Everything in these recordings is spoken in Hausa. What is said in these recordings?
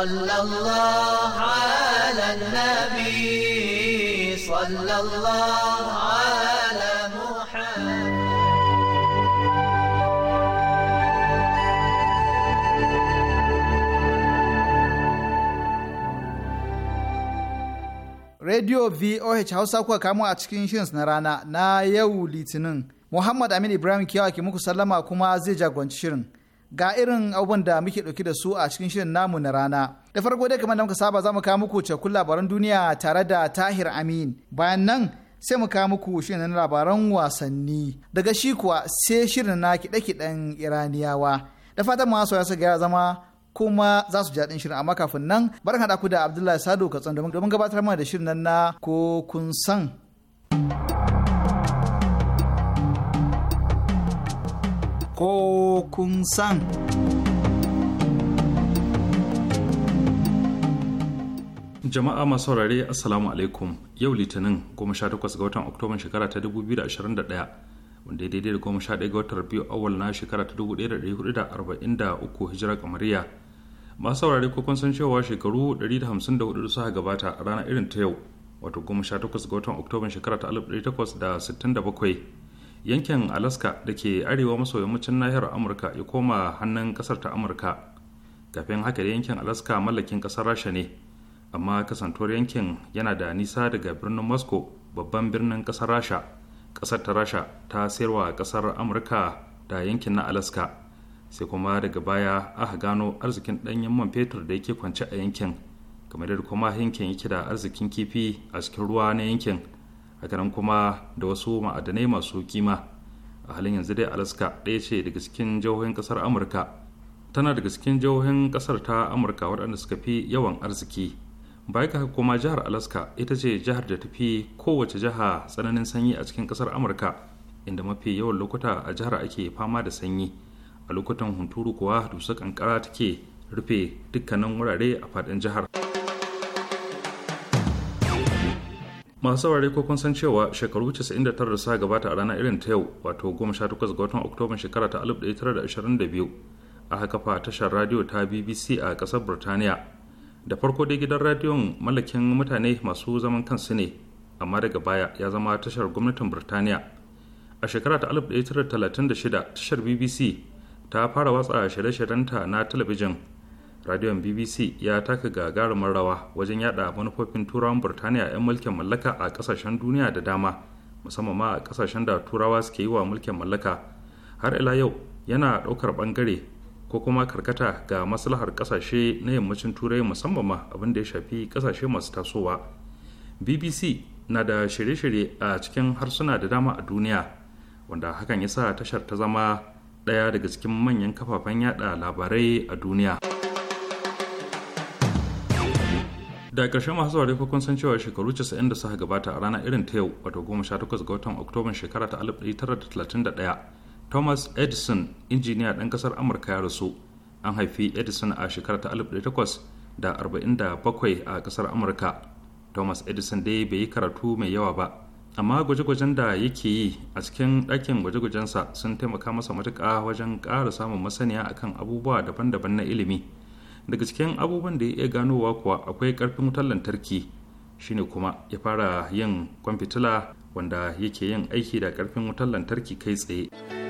صلى الله Radio VOH Hausa kuka kamo a cikin shins na rana na yau Litinin. Muhammad Aminu Ibrahim Kiyawa ke muku sallama kuma zai jagoranci shirin. ga irin abubuwan da muke ɗauki da su a cikin shirin namu na rana. Da farko dai kamar da muka saba za mu kawo muku cakun labaran duniya tare da Tahir Amin. Bayan nan sai mu kawo muku shirin na labaran wasanni. Daga shi kuwa sai shirin na kiɗe-kiɗen Iraniyawa. Da fatan masu ya gaya zama kuma za su jaɗin shirin amma kafin nan bar haɗa ku da Abdullahi Sadu Katsan domin gabatar mana da shirin nan na ko kun san. ko kun san. Jama'a masu saurare Assalamu alaikum yau Litinin 18 ga watan Oktoban shekara ta 2021 wanda ya daidai da 11 ga watan biyu awal na shekara ta 1443 hijira kamariya. Masu saurare ko kun san cewa shekaru 154 da suka gabata a ranar irin ta yau wato 18 ga watan Oktoban shekara ta 1867 yankin alaska da ke arewa maso yammacin nahiyar amurka ya koma hannun kasar ta amurka kafin haka da yankin alaska mallakin kasar rasha ne amma kasantuwar yankin yana da nisa daga birnin moscow babban birnin kasar rasha kasar ta rasha ta sayarwa kasar amurka da yankin na alaska sai kuma daga baya aka gano arzikin ɗanyen man fetur da yake kwance a yankin kamar da kuma yankin yake da arzikin kifi a cikin ruwa na yankin hakanan kuma da wasu ma'adanai masu kima a halin yanzu dai alaska ɗaya ce daga cikin jihohin ƙasar amurka tana daga cikin jihohin ƙasar ta amurka waɗanda suka fi yawan arziki baya ka kuma jihar alaska ita ce jihar da ta fi kowace jiha tsananin sanyi a cikin ƙasar amurka inda mafi yawan lokuta a jihar ake fama da sanyi a lokutan hunturu kuwa dusa kankara take rufe dukkanin wurare a faɗin jihar. masu saurari ko kun san cewa shekaru 99 da suka gabata a ranar irin ta yau wato 18 ga watan oktoban shekara ta 1922 aka kafa tashar radiyo ta bbc a kasar burtaniya da farko dai gidan radiyon mallakin mutane masu zaman kansu ne amma daga baya ya zama tashar gwamnatin burtaniya a shekara ta 1936 tashar bbc ta fara watsa shirye-shiryenta na talabijin radiyon bbc ya taka gagarumin rawa wajen yada manufofin turawan burtaniya 'yan mulkin mallaka a kasashen duniya da dama musamman ma a kasashen da turawa suke yi wa mulkin mallaka har ila yau yana daukar bangare ko kuma karkata ga maslahar kasashe na yammacin turai musamman ma abin da ya shafi kasashe masu tasowa bbc na da shirye-shirye a cikin harsuna da dama a duniya wanda hakan yasa tashar ta zama daya daga cikin manyan kafafen yada labarai a duniya. da ƙarshe masu saurari ko kun san cewa shekaru 90 da suka gabata a rana irin ta yau wato 18 ga watan oktoban shekara ta 1931 thomas edison injiniya ɗan ƙasar amurka ya rasu an haifi edison a shekara ta 1847 a ƙasar amurka thomas edison dai bai yi karatu mai yawa ba amma gwaje-gwajen da yake yi a cikin ɗakin gwaje-gwajensa sun taimaka masa matuƙa wajen ƙara samun masaniya akan abubuwa daban-daban na ilimi daga cikin abubuwan da ya iya ganowa kuwa akwai karfin wutar lantarki shine kuma ya fara yin kwamfitila wanda yake yin aiki da karfin wutar lantarki kai tsaye.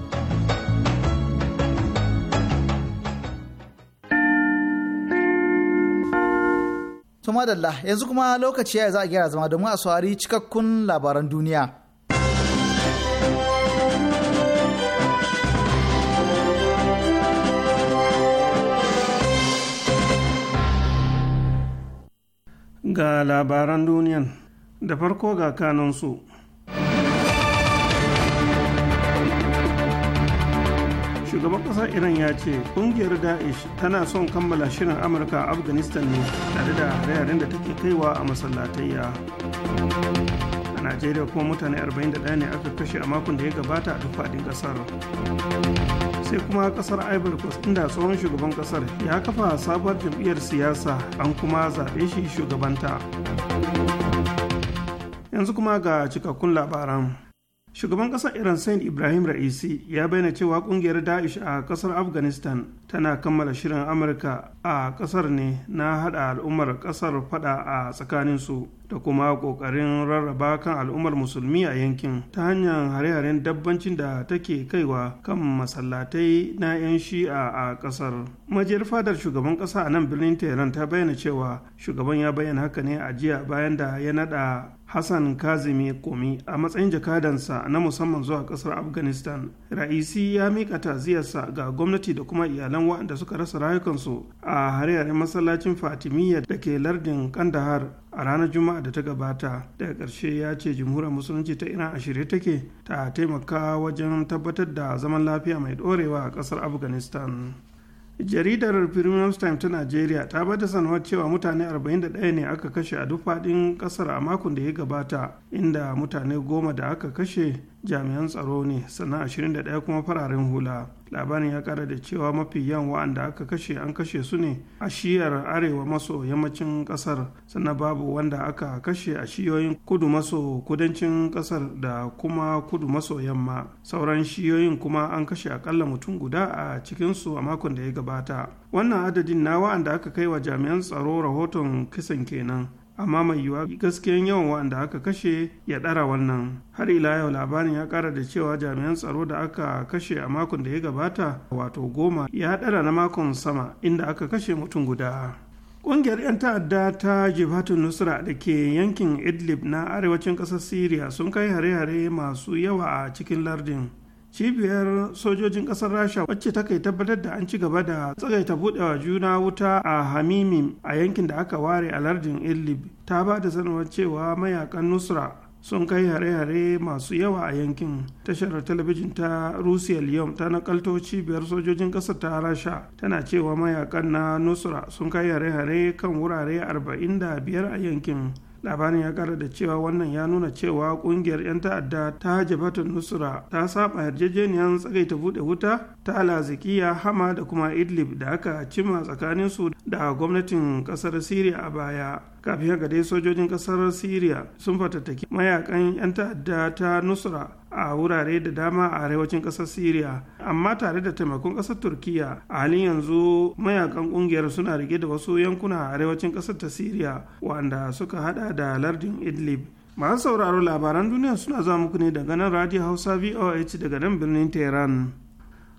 To madalla yanzu kuma lokaci ya za a gyara zama domin a saurari cikakkun labaran duniya. Ga labaran duniyan da farko ga kanansu. shugaban kasar iran ya ce kungiyar daesh tana son kammala shirin amurka a afghanistan ne tare da hare da take kaiwa a masallatayya a najeriya kuma mutane 41 ne aka kashe a makon da ya gabata a duk faɗin ƙasar sai kuma kasar ivory coast inda tsohon shugaban kasar ya kafa sabuwar jam'iyyar siyasa an kuma zaɓe shi shugabanta yanzu kuma ga cikakkun labaran shugaban ƙasar iran sain ibrahim ra'isi ya bayyana cewa ƙungiyar da'ish a ƙasar afghanistan tana kammala shirin amurka a kasar ne na hada al'ummar kasar fada a tsakaninsu da kuma kokarin rarraba kan al'ummar musulmi a yankin ta hanyar hare-haren dabbancin da take kaiwa kan masallatai na 'yan shi'a a kasar majiyar fadar shugaban kasa a nan birnin tehran ta bayyana cewa shugaban ya bayyana haka ne a jiya bayan da ya nada hassan kazimi komi a matsayin jakadansa na musamman zuwa kasar afghanistan ra'isi ya mika taziyarsa ga gwamnati da kuma iyalan bayan waɗanda suka rasa rayukansu a hare-haren masallacin fatimiyya da ke lardin kandahar a ranar juma'a da ta gabata daga ƙarshe ya ce jamhuriyar musulunci ta iran a shirye take ta taimaka wajen tabbatar da zaman lafiya mai ɗorewa a ƙasar afghanistan jaridar premium time ta nigeria ta bada sanuwar cewa mutane 41 ne aka kashe a duk faɗin ƙasar a makon da ya gabata inda mutane goma da aka kashe jami'an tsaro ne sannan 21 kuma fararen hula labarin ya kara da cewa mafi yan wa'anda aka kashe an kashe su ne a shiyar arewa maso yammacin kasar sannan babu wanda aka kashe a shiyoyin kudu maso kudancin kasar da kuma kudu maso yamma sauran shiyoyin kuma an kashe akalla mutum guda a cikinsu a makon da ya gabata wannan adadin na wa'anda aka kai wa jami'an tsaro rahoton kisan kenan amma mai yiwuwa gaskiyan yawan wa'anda aka kashe ya ɗara wannan har ila yau labarin ya ƙara da cewa jami'an tsaro da aka kashe a makon da ya gabata wato goma ya ɗara na makon sama inda aka kashe mutum guda ƙungiyar 'yan ta'adda ta jibatun nusra da ke yankin idlib na arewacin ƙasar syria sun kai hare-hare masu yawa a cikin lardin cibiyar sojojin kasar rasha wacce ta kai tabbatar da an ci gaba da tsagaita budewa juna wuta a hamimim a yankin da aka ware a lardin idlib ta ba da sanarwar cewa mayakan nusra sun kai hare-hare masu yawa a yankin tashar talabijin ta rusia liyom ta nakalto cibiyar sojojin kasar ta rasha tana cewa mayakan na nusra sun kai hare-hare kan wurare 45 a yankin labarin ya kara da cewa wannan ya nuna cewa kungiyar 'yan ta'adda ta jabata nusra ta saba yarjejeniyar tsagaita bude wuta ta lazikiya hama da kuma idlib da aka cima tsakanin su da gwamnatin kasar syria a baya kafin haka dai sojojin kasar syria sun fatattaki mayakan 'yan ta'adda ta nusra a wurare da dama a arewacin ƙasar syria amma tare da taimakon ƙasar turkiya a halin yanzu mayakan ƙungiyar suna rike da wasu yankuna a arewacin ƙasar ta syria wanda suka hada da lardin idlib masu sauraro labaran duniya suna zuwa muku ne daga nan radio hausa voh daga nan birnin tehran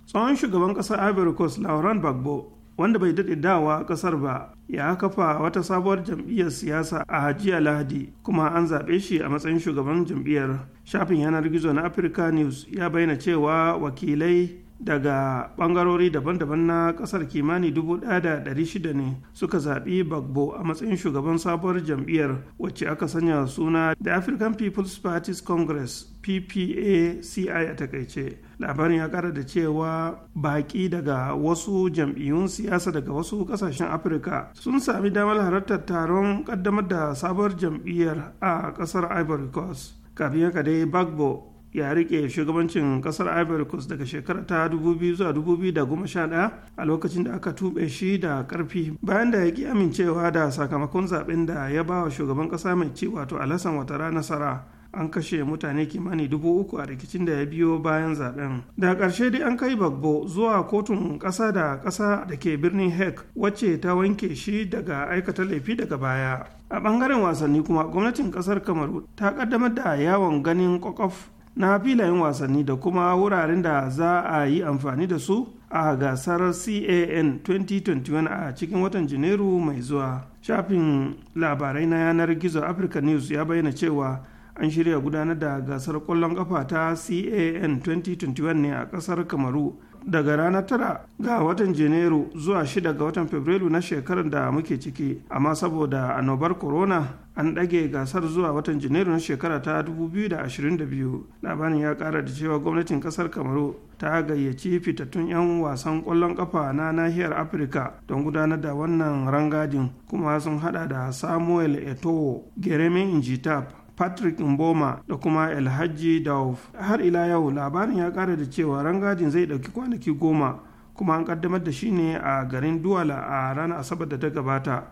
tsohon shugaban ƙasar ivory coast laurent gbagbo wanda bai daɗe dawa ƙasar ba ya kafa wata sabuwar jam'iyyar siyasa a hajiya lahadi kuma an zaɓe shi a matsayin shugaban jam'iyyar shafin yanar gizo na afirka news ya bayyana cewa wakilai daga bangarori daban-daban na kasar kimani 1,600 ne suka zaɓi bagbo a matsayin shugaban sabuwar jam'iyyar wacce aka sanya suna The african people's Party's congress ppaci a takaice labarin ya ƙara da cewa baƙi daga wasu jam'iyyun siyasa daga wasu ƙasashen afirka sun sami damar halartar taron ƙaddamar da sabuwar jam'iyyar a ƙasar ivory coast kafin haka dai bagbo ya rike shugabancin kasar ivory coast daga shekara ta 2000 zuwa 2011 a lokacin da aka tube shi da karfi bayan da ya ki amincewa da sakamakon zaben da ya ba wa shugaban kasa mai ci wato alasan watara nasara an kashe mutane kimani dubu uku a rikicin da ya biyo bayan zaben da karshe dai an kai bagbo zuwa kotun ƙasa da ƙasa da ke birnin hek wacce ta wanke shi daga aikata laifi daga baya a ɓangaren wasanni kuma gwamnatin ƙasar kamaru ta ƙaddamar da yawon ganin ƙwaƙwaf na filayen wasanni da kuma wuraren da za a yi amfani da su a gasar can 2021 a cikin watan janairu mai zuwa shafin labarai na yanar gizo africa news ya bayyana cewa an shirya gudanar da gasar kwallon kafa ta can 2021 ne a kasar kamaru daga ranar tara ga watan janairu zuwa shida ga watan fabrairu na shekarar da muke ciki amma saboda annobar corona an ɗage gasar zuwa watan janairu na shekara ta 2022 labarin ya ƙara da cewa gwamnatin ƙasar kamaru ta gayyaci fitattun 'yan wasan ƙwallon ƙafa na nahiyar afirka don gudanar da wannan rangadin kuma sun hada da samuel eto'o geremin injitap patrick mboma da kuma Alhaji dauf har ila yau labarin ya kara da cewa rangadin zai ɗauki kwanaki goma kuma an kaddamar da shi ne a garin duwala a ranar asabar da ta gabata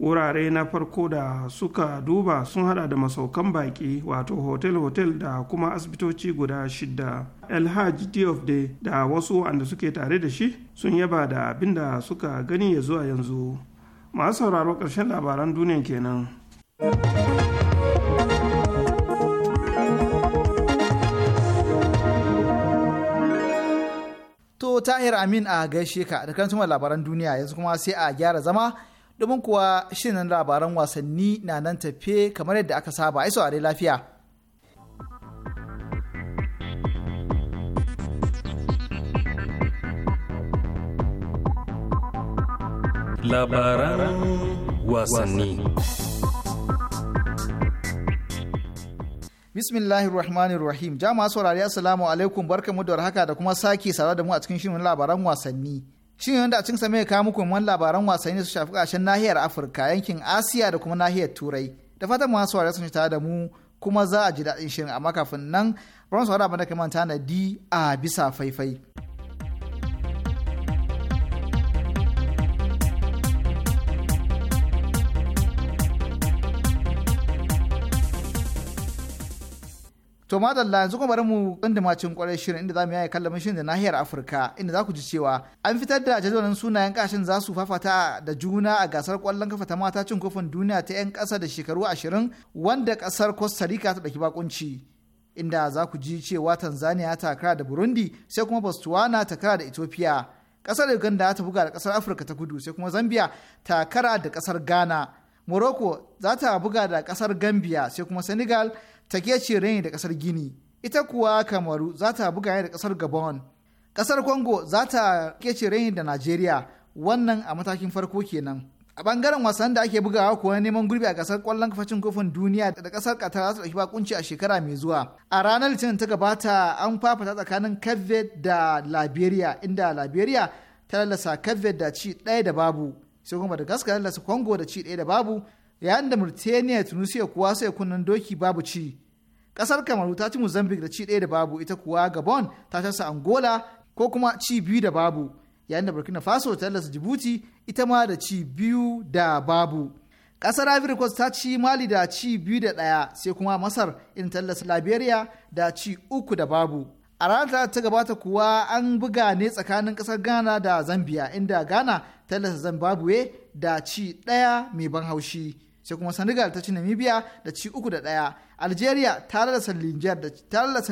wurare na farko da suka duba sun hada da masaukan baki wato hotel-hotel da kuma asibitoci guda shida elhaji diof da wasu wanda suke tare da shi sun yaba da abin da suka gani ya zuwa yanzu masu sauraro ƙarshen labaran duniya kenan. tahir amin a gaishe ka da kan labaran duniya yanzu kuma sai a gyara zama domin kuwa shirin labaran wasanni na nan tafe kamar yadda aka saba ai saurari lafiya labaran wasanni Bismillahir Rahmanir Rahim. Jama'a saurari Assalamu alaikum barkamu da warhaka da kuma sake saurara da mu a cikin shirin labaran wasanni. Shin wanda a cikin sa mai kawo muku wannan labaran wasanni su shafi kashin nahiyar Afirka, yankin Asiya da kuma nahiyar Turai. Da fatan masu saurari sun tare da mu kuma za a ji daɗin shirin amma kafin nan, bari mu saurara da kamar tanadi a bisa faifai. To madalla yanzu kuma bari mu cin kwarai shirin inda za mu yaya kallon shirin da nahiyar Afirka inda za ku ji cewa an fitar da jadawalin sunayen kashin za su fafata da juna a gasar kwallon kafa ta mata cin kofin duniya ta 'yan kasa da shekaru ashirin wanda kasar Costa Rica ta ɗauki bakunci. Inda za ku ji cewa Tanzania ta kara da Burundi sai kuma Botswana ta kara da Ethiopia. Ƙasar Uganda ta buga da ƙasar Afirka ta kudu sai kuma Zambia ta kara da kasar Ghana. Morocco za ta buga da kasar Gambia sai kuma Senegal ta ce rain da kasar gini ita kuwa kamaru za ta buga da kasar gabon kasar congo za ta kece rain da nigeria wannan a matakin farko kenan a bangaren wasan da ake bugawa kuwa neman gurbi a kasar kwallon kafacin kofin duniya da kasar qatar za ta dauki bakunci a shekara mai zuwa a ranar litinin ta gabata an fafata tsakanin cape da liberia inda liberia ta lalasa cape da ci daya da babu sai kuma da gaska lalasa congo da ci daya da babu yayin da Mauritania Tunisia kuwa sai kunnen doki babu ci. Kasar Kamaru ta ci Mozambique da ci ɗaya da babu ita kuwa Gabon ta tasa Angola ko kuma ci biyu da babu yayin da Burkina Faso ta tallasa Djibouti ita ma da ci biyu da babu. Kasar Ivory Coast ta ci Mali da ci biyu da ɗaya sai kuma Masar in tallasa Liberia da ci uku da babu. A ranar ta gabata kuwa an buga ne tsakanin kasar Ghana da Zambia inda Ghana tallasa Zimbabwe da ci ɗaya mai ban haushi. sai kuma senegal ta ci namibia da ci uku da ɗaya algeria ta lalasa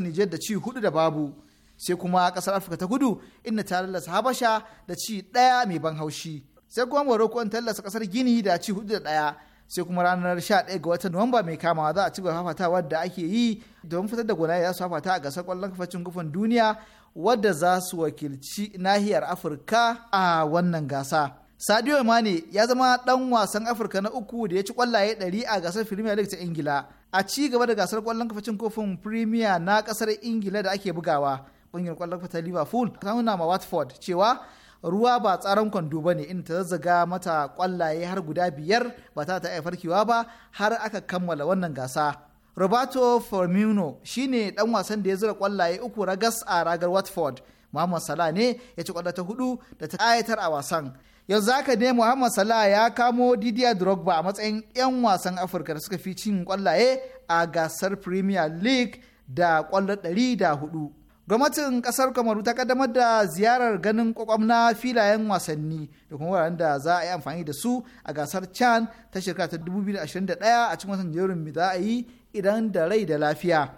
niger da ci hudu da babu sai kuma ƙasar afirka ta kudu inda ta lalasa habasha da ci ɗaya mai ban haushi sai kuma morocco an tallasa kasar gini da ci hudu da ɗaya sai kuma ranar 11 ga watan nuwamba mai kama za a ci gaba fafatawa da ake yi domin fitar da gwanaye za su fafata a gasar kwallon kafacin gufan duniya wadda za su wakilci nahiyar afirka a wannan gasa. Sadio Mane ya zama dan wasan Afirka na uku da ya ci kwallaye 100 a gasar Premier League ta Ingila. A ci gaba da gasar kwallon kafa cin kofin Premier na kasar Ingila da ake bugawa. Ƙungiyar kwallon kafa ta Liverpool ta nuna ma Watford cewa ruwa ba tsaron kwando ba ne in ta zazzaga mata kwallaye har guda biyar ba ta ta farkewa ba har aka kammala wannan gasa. Roberto Firmino shine dan wasan da ya zura kwallaye uku ragas a ragar Watford. Muhammad Salah ne ya ci kwallo ta hudu da ta ayatar a wasan. yanzu haka ne muhammad salah ya kamo didier drogba a matsayin 'yan wasan afirka da suka fi cin kwallaye a gasar premier league da kwallo 104 gwamnatin kasar kamaru ta kaddamar da ziyarar ganin kwakwam na filayen wasanni da kuma wuraren da za a yi amfani da su a gasar chan ta shekara ta 2021 a cikin wasan jerin da a yi idan da rai da lafiya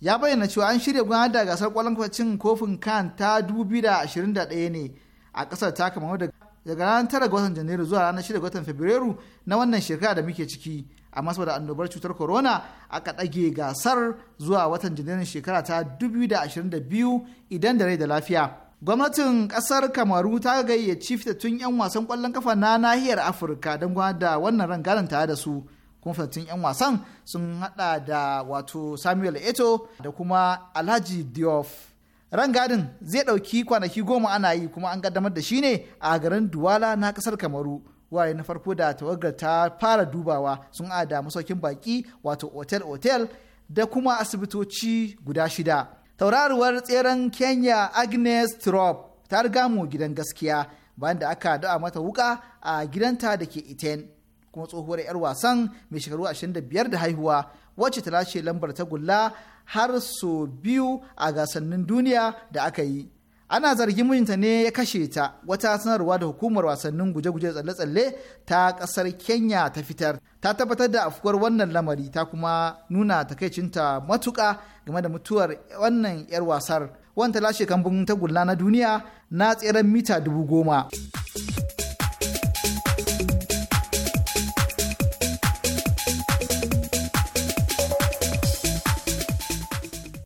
ya bayyana cewa an shirya gudanar da gasar kwallon kofin kan ta 2021 ne a kasar ta da daga ranar tara ga watan janairu zuwa ranar shida ga watan fabrairu na wannan shekara da muke ciki amma saboda annobar cutar corona aka ɗage gasar zuwa watan janairun shekara ta 2022 idan da rai da lafiya gwamnatin kasar kamaru ta gayyaci fitattun 'yan wasan kwallon kafa na nahiyar afirka don da wannan rangaran tare da su kuma fitattun 'yan wasan sun hada da wato samuel eto da kuma alhaji diof rangadin zai ɗauki kwanaki goma ana yi kuma an kaddamar da shi ne a garin duwala na ƙasar kamaru waye na farko da tawagar ta fara dubawa sun ada masaukin baki wato otel otel da kuma asibitoci guda shida tauraruwar tseren kenya agnes trop ta riga mu gidan gaskiya bayan da aka da'a mata wuka a gidanta da ke iten kuma tsohuwar 'yar wasan mai shekaru 25 da haihuwa wacce ta lashe lambar tagulla har so biyu a gasannin duniya da aka yi ana zargin mijinta ne ya kashe ta wata sanarwa da hukumar wasannin guje-guje tsalle-tsalle ta kasar kenya ta fitar ta tabbatar da afuwar wannan lamari ta kuma nuna takaicinta matuka game da mutuwar wannan 'yar wasar wanta lashe kambun tagulla na duniya na tseren mita dubu goma.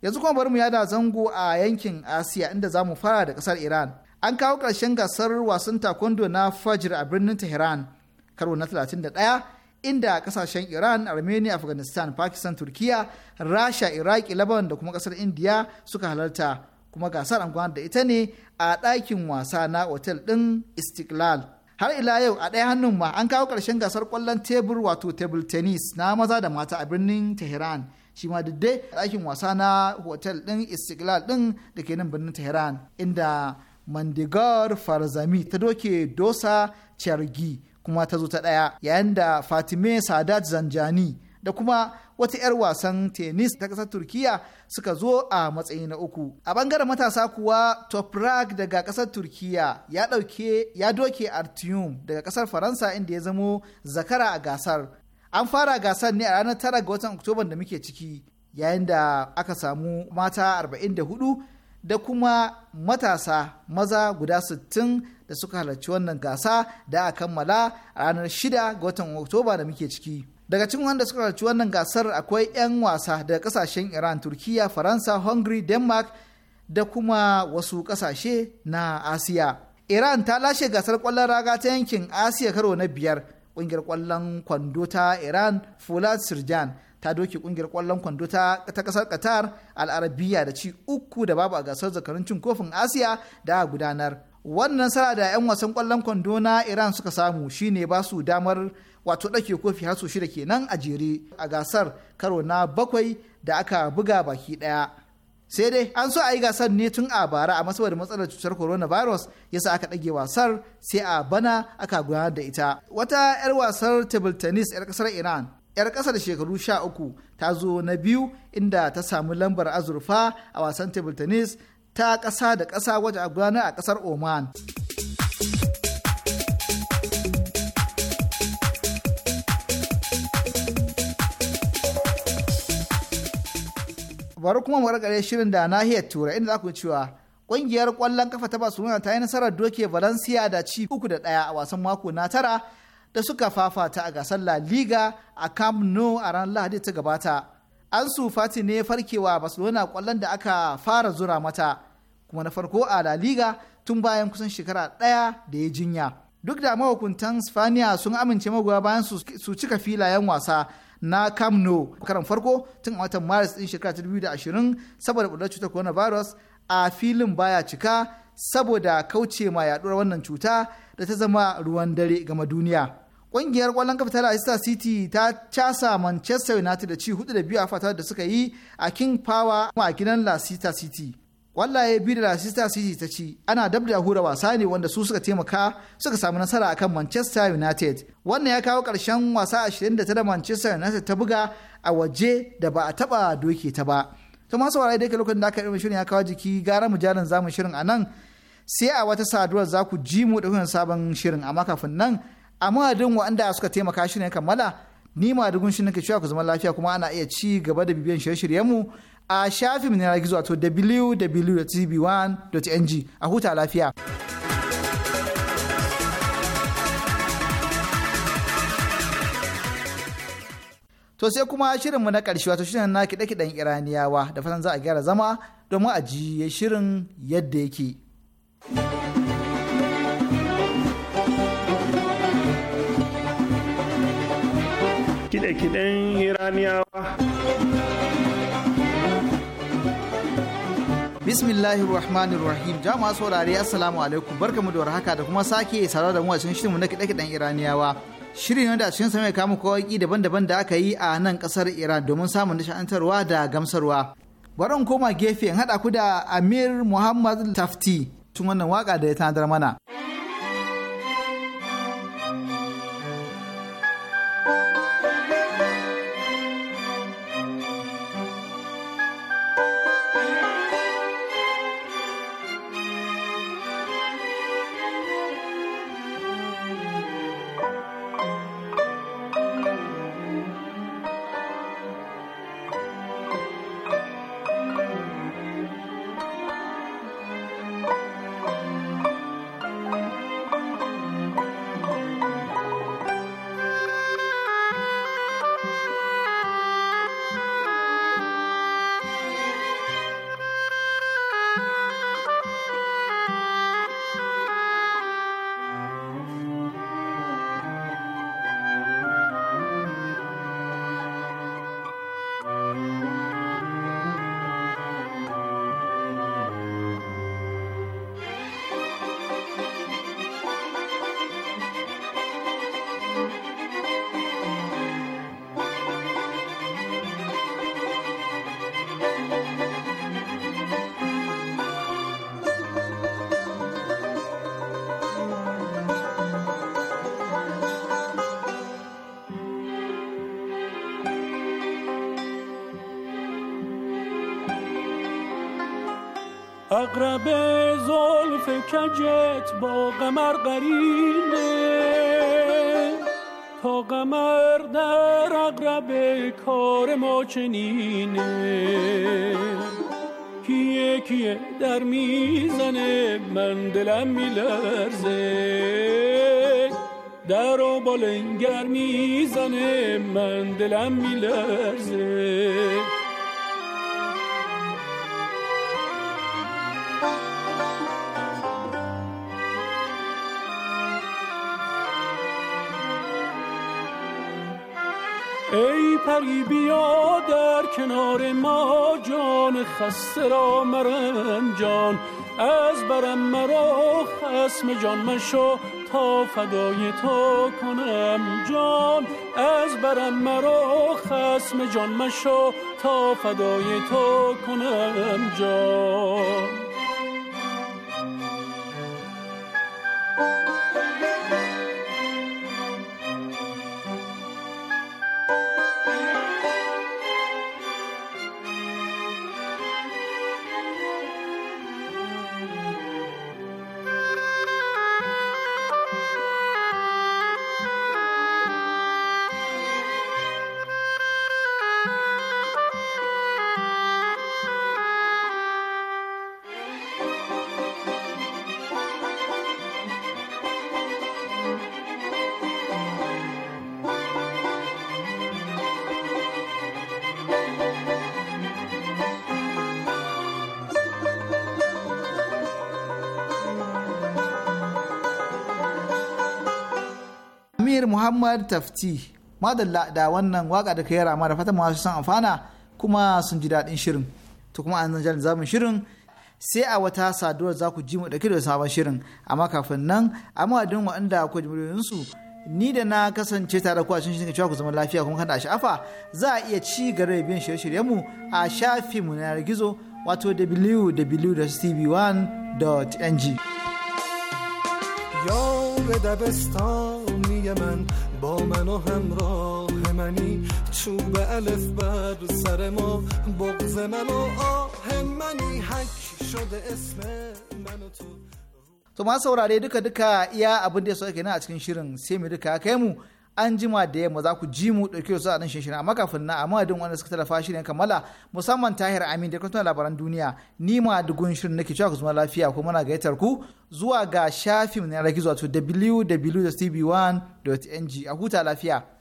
yanzu kuma bari mu yada zango a yankin asiya inda za mu fara da kasar iran an kawo ƙarshen gasar wasan takwando na fajr a birnin tehran karo na 31 inda kasashen iran armenia afghanistan pakistan turkiya rasha iraki laban da kuma kasar indiya suka halarta kuma gasar an gudanar da ita ne a ɗakin wasa na otel ɗin istiklal har ila yau a ɗaya hannun ma an kawo ƙarshen gasar ƙwallon tebur wato table tennis na maza da mata a birnin tehran shi ma dai ɗakin wasa na hotel ɗin istiklal ɗin da ke nan birnin tehran inda mandigar farzami ta doke dosa chargi kuma ta zo ta ɗaya yayin da fatime sadat zanjani da kuma wata 'yar wasan tenis ta ƙasar turkiya suka zo a matsayi na uku a ɓangaren matasa kuwa toprak daga ƙasar turkiya ya doke artium daga ƙasar faransa inda ya zamo zakara a gasar an fara gasar ne a ranar tara ga watan oktoban da muke ciki yayin da aka samu mata 44 da kuma matasa maza guda 60 da suka halarci wannan gasa da a kammala a ranar 6 ga watan oktoba da muke ciki daga cikin wanda suka halarci wannan gasar akwai 'yan wasa daga kasashen iran turkiya faransa hungary denmark da kuma wasu kasashe na asiya iran ta lashe gasar kwallon raga ta yankin asiya karo na biyar kungiyar kwallon kwando ta iran fulat sirjan ta doke kungiyar kwallon kwando ta kasar qatar arabiya da ci uku da babu a gasar zakarun cin kofin asiya da a gudanar wannan sara da 'yan wasan kwallon kwando na iran suka samu shine ba su damar wato ɗauke kofi har su shida kenan a jere a gasar karo na bakwai da aka buga baki ɗaya sai dai an so a yi gasar ne tun a bara a masabar matsalar cutar coronavirus yasa aka ɗage wasar sai a bana aka gudanar da ita wata 'yar wasar table tennis 'yar ƙasar iran 'yar ƙasar shekaru sha uku ta zo na biyu inda ta samu lambar azurfa a wasan table tennis ta ƙasa da ƙasa wajen a gudanar a ƙasar oman. bari kuma mu karkare shirin da nahiyar turai inda za ku cewa ƙungiyar kwallon kafa ta barcelona ta yi nasarar doke valencia da ci uku da daya a wasan mako na tara da suka fafata a gasar la liga a camp nou a ranar lahadi ta gabata ansu fati ne farkewa barcelona kwallon da aka fara zura mata kuma na farko a la liga tun bayan kusan shekara daya da ya jinya duk da mahukuntan spaniya sun amince magoya bayan su cika filayen wasa na kamno karan farko tun a watan maris din shekara ta 2020 saboda bullar cutar coronavirus a filin baya cika saboda kauce ma yaɗuwar wannan cuta da ta zama ruwan dare gama duniya ƙungiyar ƙwallon kafa ta Leicester City ta casa Manchester United da ci hudu da biyu a fata da suka yi a King Power a gidan lasita City. wallaye biyu da Leicester City ta ci ana dab da hura wasa ne wanda su suka taimaka suka samu nasara akan Manchester United. Wannan ya kawo karshen wasa 29 Manchester United ta buga a waje da ba a taba doke ta ba. To masu warai da lokacin da aka yi shirin ya kawo jiki gara mu jarin zamu shirin a nan sai a wata saduwar za ku ji mu da sabon shirin amma kafin nan a madadin wanda suka taimaka shirin kammala ni madadin dugun shirin ke cewa ku zama lafiya kuma ana iya ci gaba da bibiyan shirye-shiryenmu a shafin na gizo wato www.tv1.ng a huta lafiya. To sai kuma shirinmu na ƙarshe wato shirin na kiɗe-kiɗen Iraniyawa da fatan za a gyara zama don a ji shirin yadda yake. Kiɗe-kiɗen Iraniyawa. bismillahir rahmanir rahim jama'a saurare assalamu alaikum mu da warhaka da kuma sake saurara da mu a cikin shirinmu na kiɗe-kiɗen iraniyawa shirin wanda a cikin sa mai kamu kawaki daban-daban da aka yi a nan kasar iran domin samun nishantarwa da gamsarwa bari koma gefe in haɗa ku da amir muhammad tafti tun wannan waka da ya tanadar mana. اقرب زلف کجت با قمر قرینه تا قمر در اقرب کار ما چنینه کیه کیه در میزنه من دلم میلرزه در و بالنگر میزنه من دلم میلرزه پری بیا در کنار ما جان خسته را مرم جان از برم مرا خسم جان مشو تا فدای تو کنم جان از برم مرا خسم جان مشو تا فدای تو کنم جان muhammad tafti madalla da wannan waka da ka rama da fatan masu san amfana kuma sun ji daɗin shirin to kuma an zanjar zamun shirin sai a wata saduwar za ku ji mu da da sabon shirin amma kafin nan a madadin waɗanda ku ji su ni da na kasance tare ku a cikin shirin cewa ku zama lafiya kuma kada a sha'afa za a iya ci gaba da biyan shirye mu a shafinmu na gizo wato www.tv1.ng. Yo شیر دبستانی من با من و همراه منی چوب الف بر سر ما بغز من و آه منی حک شده اسم من و تو to ma saurare duka duka iya abin da ya sauke na a cikin shirin sai mu duka kai mu an jima da yamma za ku ji mu ɗauke su a nan shirin amma kafin na amma wanda suka shi ne kammala musamman tahir amin da kuma labaran duniya ni ma dugun shirin nake cewa ku zama lafiya kuma na gayyatar ku zuwa ga shafin na gizo wato www.tv1.ng a huta lafiya.